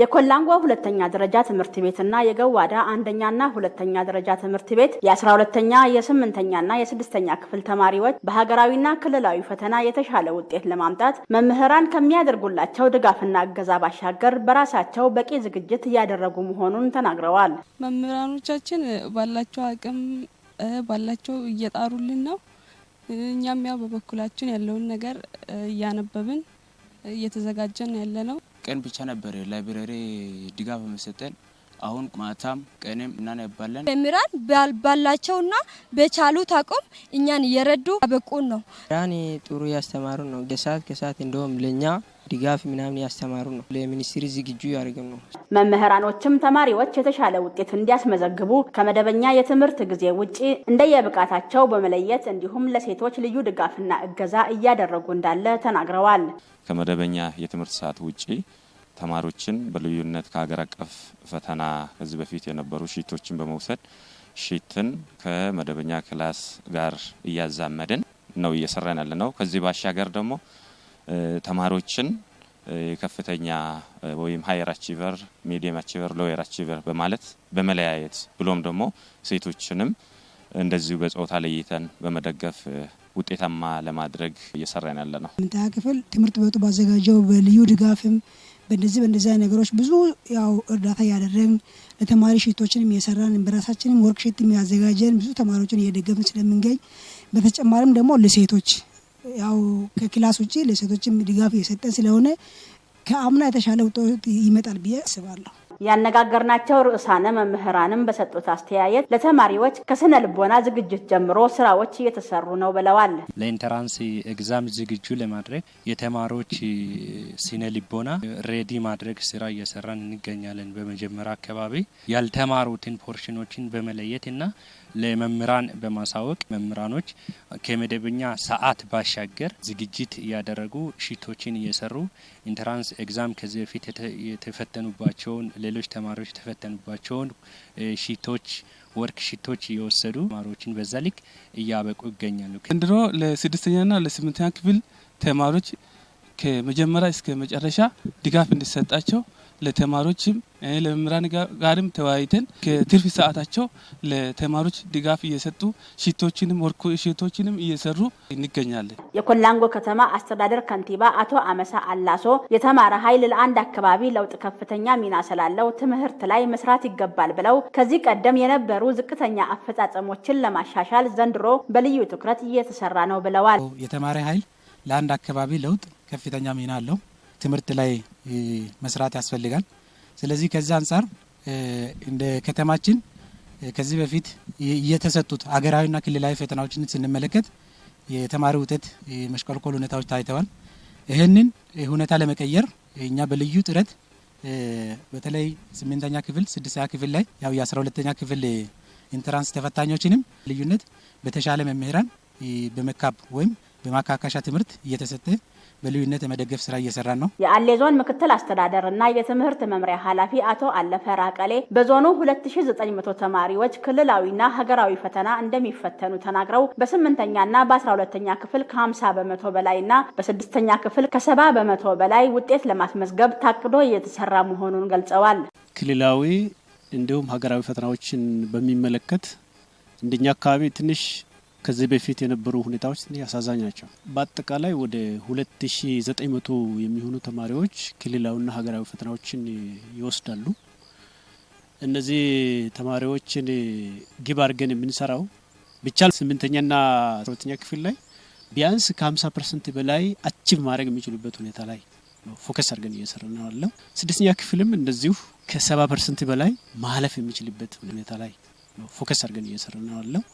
የኮላንጓ ሁለተኛ ደረጃ ትምህርት ቤት እና የገዋዳ አንደኛና ሁለተኛ ደረጃ ትምህርት ቤት የአስራ ሁለተኛ የስምንተኛና የስድስተኛ ክፍል ተማሪዎች በሀገራዊና ክልላዊ ፈተና የተሻለ ውጤት ለማምጣት መምህራን ከሚያደርጉላቸው ድጋፍና እገዛ ባሻገር በራሳቸው በቂ ዝግጅት እያደረጉ መሆኑን ተናግረዋል። መምህራኖቻችን ባላቸው አቅም ባላቸው እየጣሩልን ነው። እኛም ያው በበኩላችን ያለውን ነገር እያነበብን እየተዘጋጀን ያለ ነው። ቀን ብቻ ነበር ላይብረሪ ድጋፍ መሰጠን። አሁን ማታም ቀንም እናነባለን። መምህራን ባላቸውና በቻሉት አቅም እኛን እየረዱ አበቁን ነው። ራን ጥሩ ያስተማሩ ነው። ከሰዓት ከሰዓት እንደውም ለእኛ ድጋፍ ምናምን ያስተማሩ ነው። ለሚኒስትሪ ዝግጁ ያደርግም ነው። መምህራኖችም ተማሪዎች የተሻለ ውጤት እንዲያስመዘግቡ ከመደበኛ የትምህርት ጊዜ ውጪ እንደየብቃታቸው በመለየት እንዲሁም ለሴቶች ልዩ ድጋፍና እገዛ እያደረጉ እንዳለ ተናግረዋል። ከመደበኛ የትምህርት ሰዓት ውጪ ተማሪዎችን በልዩነት ከሀገር አቀፍ ፈተና ከዚህ በፊት የነበሩ ሺቶችን በመውሰድ ሺትን ከመደበኛ ክላስ ጋር እያዛመድን ነው እየሰራን ያለ ነው። ከዚህ ባሻገር ደግሞ ተማሪዎችን የከፍተኛ ወይም ሀየር አቺቨር፣ ሚዲየም አቺቨር፣ ሎየር አቺቨር በማለት በመለያየት ብሎም ደግሞ ሴቶችንም እንደዚሁ በጾታ ለይተን በመደገፍ ውጤታማ ለማድረግ እየሰራን ያለ ነው። ምንተያ ክፍል ትምህርት ቤቱ ባዘጋጀው በልዩ ድጋፍም በእንደዚህ በእንደዚህ አይነት ነገሮች ብዙ ያው እርዳታ እያደረግን ለተማሪ ሽቶችንም እየሰራን በራሳችንም ወርክሽት የሚያዘጋጀን ብዙ ተማሪዎችን እየደገፍን ስለምንገኝ በተጨማሪም ደግሞ ለሴቶች ያው ከክላስ ውጭ ለሴቶችም ድጋፍ እየሰጠን ስለሆነ ከአምና የተሻለ ውጤት ይመጣል ብዬ አስባለሁ። ያነጋገርናቸው ርዕሳነ መምህራንም በሰጡት አስተያየት ለተማሪዎች ከስነ ልቦና ዝግጅት ጀምሮ ስራዎች እየተሰሩ ነው ብለዋል። ለኢንተራንስ ኤግዛም ዝግጁ ለማድረግ የተማሪዎች ስነ ልቦና ሬዲ ማድረግ ስራ እየሰራን እንገኛለን። በመጀመሪያ አካባቢ ያልተማሩትን ፖርሽኖችን በመለየት እና ለመምህራን በማሳወቅ መምህራኖች ከመደበኛ ሰዓት ባሻገር ዝግጅት እያደረጉ ሽቶችን እየሰሩ ኢንተራንስ ኤግዛም ከዚህ በፊት የተፈተኑባቸውን ሌሎች ተማሪዎች ተፈተኑባቸውን ሺቶች ወርክ ሽቶች እየወሰዱ ተማሪዎችን በዛ ልክ እያበቁ ይገኛሉ። ዘንድሮ ለስድስተኛና ለስምንተኛ ክፍል ተማሪዎች ከመጀመሪያ እስከ መጨረሻ ድጋፍ እንዲሰጣቸው ለተማሪዎችም ለመምህራን ጋርም ተወያይተን ከትርፍ ሰዓታቸው ለተማሪዎች ድጋፍ እየሰጡ ሽቶችንም ወርክ ሽቶችንም እየሰሩ እንገኛለን። የኮላንጎ ከተማ አስተዳደር ከንቲባ አቶ አመሳ አላሶ የተማረ ኃይል ለአንድ አካባቢ ለውጥ ከፍተኛ ሚና ስላለው ትምህርት ላይ መስራት ይገባል ብለው ከዚህ ቀደም የነበሩ ዝቅተኛ አፈጻጸሞችን ለማሻሻል ዘንድሮ በልዩ ትኩረት እየተሰራ ነው ብለዋል። የተማረ ኃይል ለአንድ አካባቢ ለውጥ ከፍተኛ ሚና አለው። ትምህርት ላይ መስራት ያስፈልጋል። ስለዚህ ከዚህ አንጻር እንደ ከተማችን ከዚህ በፊት እየተሰጡት አገራዊና ክልላዊ ፈተናዎችን ስንመለከት የተማሪ ውጤት መሽቆልቆል ሁኔታዎች ታይተዋል። ይህንን ሁኔታ ለመቀየር እኛ በልዩ ጥረት በተለይ ስምንተኛ ክፍል ስድስተኛ ክፍል ላይ ያው የአስራ ሁለተኛ ክፍል ኢንትራንስ ተፈታኞችንም ልዩነት በተሻለ መምህራን በመካብ ወይም በማካካሻ ትምህርት እየተሰጠ በልዩነት የመደገፍ ስራ እየሰራን ነው። የአሌ ዞን ምክትል አስተዳደር እና የትምህርት መምሪያ ኃላፊ አቶ አለፈ ራቀሌ በዞኑ 2900 ተማሪዎች ክልላዊና ሀገራዊ ፈተና እንደሚፈተኑ ተናግረው በስምንተኛና በ12ተኛ ክፍል ከ50 በመቶ በላይ እና በስድስተኛ ክፍል ከ70 በመቶ በላይ ውጤት ለማስመዝገብ ታቅዶ እየተሰራ መሆኑን ገልጸዋል። ክልላዊ እንዲሁም ሀገራዊ ፈተናዎችን በሚመለከት እንደኛ አካባቢ ትንሽ ከዚህ በፊት የነበሩ ሁኔታዎች አሳዛኝ ናቸው። በአጠቃላይ ወደ 2900 የሚሆኑ ተማሪዎች ክልላዊና ሀገራዊ ፈተናዎችን ይወስዳሉ። እነዚህ ተማሪዎችን ግብ አድርገን የምንሰራው ብቻ ስምንተኛና ሰባተኛ ክፍል ላይ ቢያንስ ከ50 ፐርሰንት በላይ አቺቭ ማድረግ የሚችሉበት ሁኔታ ላይ ፎከስ አድርገን እየሰራ ነው ያለው። ስድስተኛ ክፍልም እንደዚሁ ከ70 ፐርሰንት በላይ ማለፍ የሚችልበት ሁኔታ ላይ ፎከስ አድርገን እየሰራ ነው ያለው።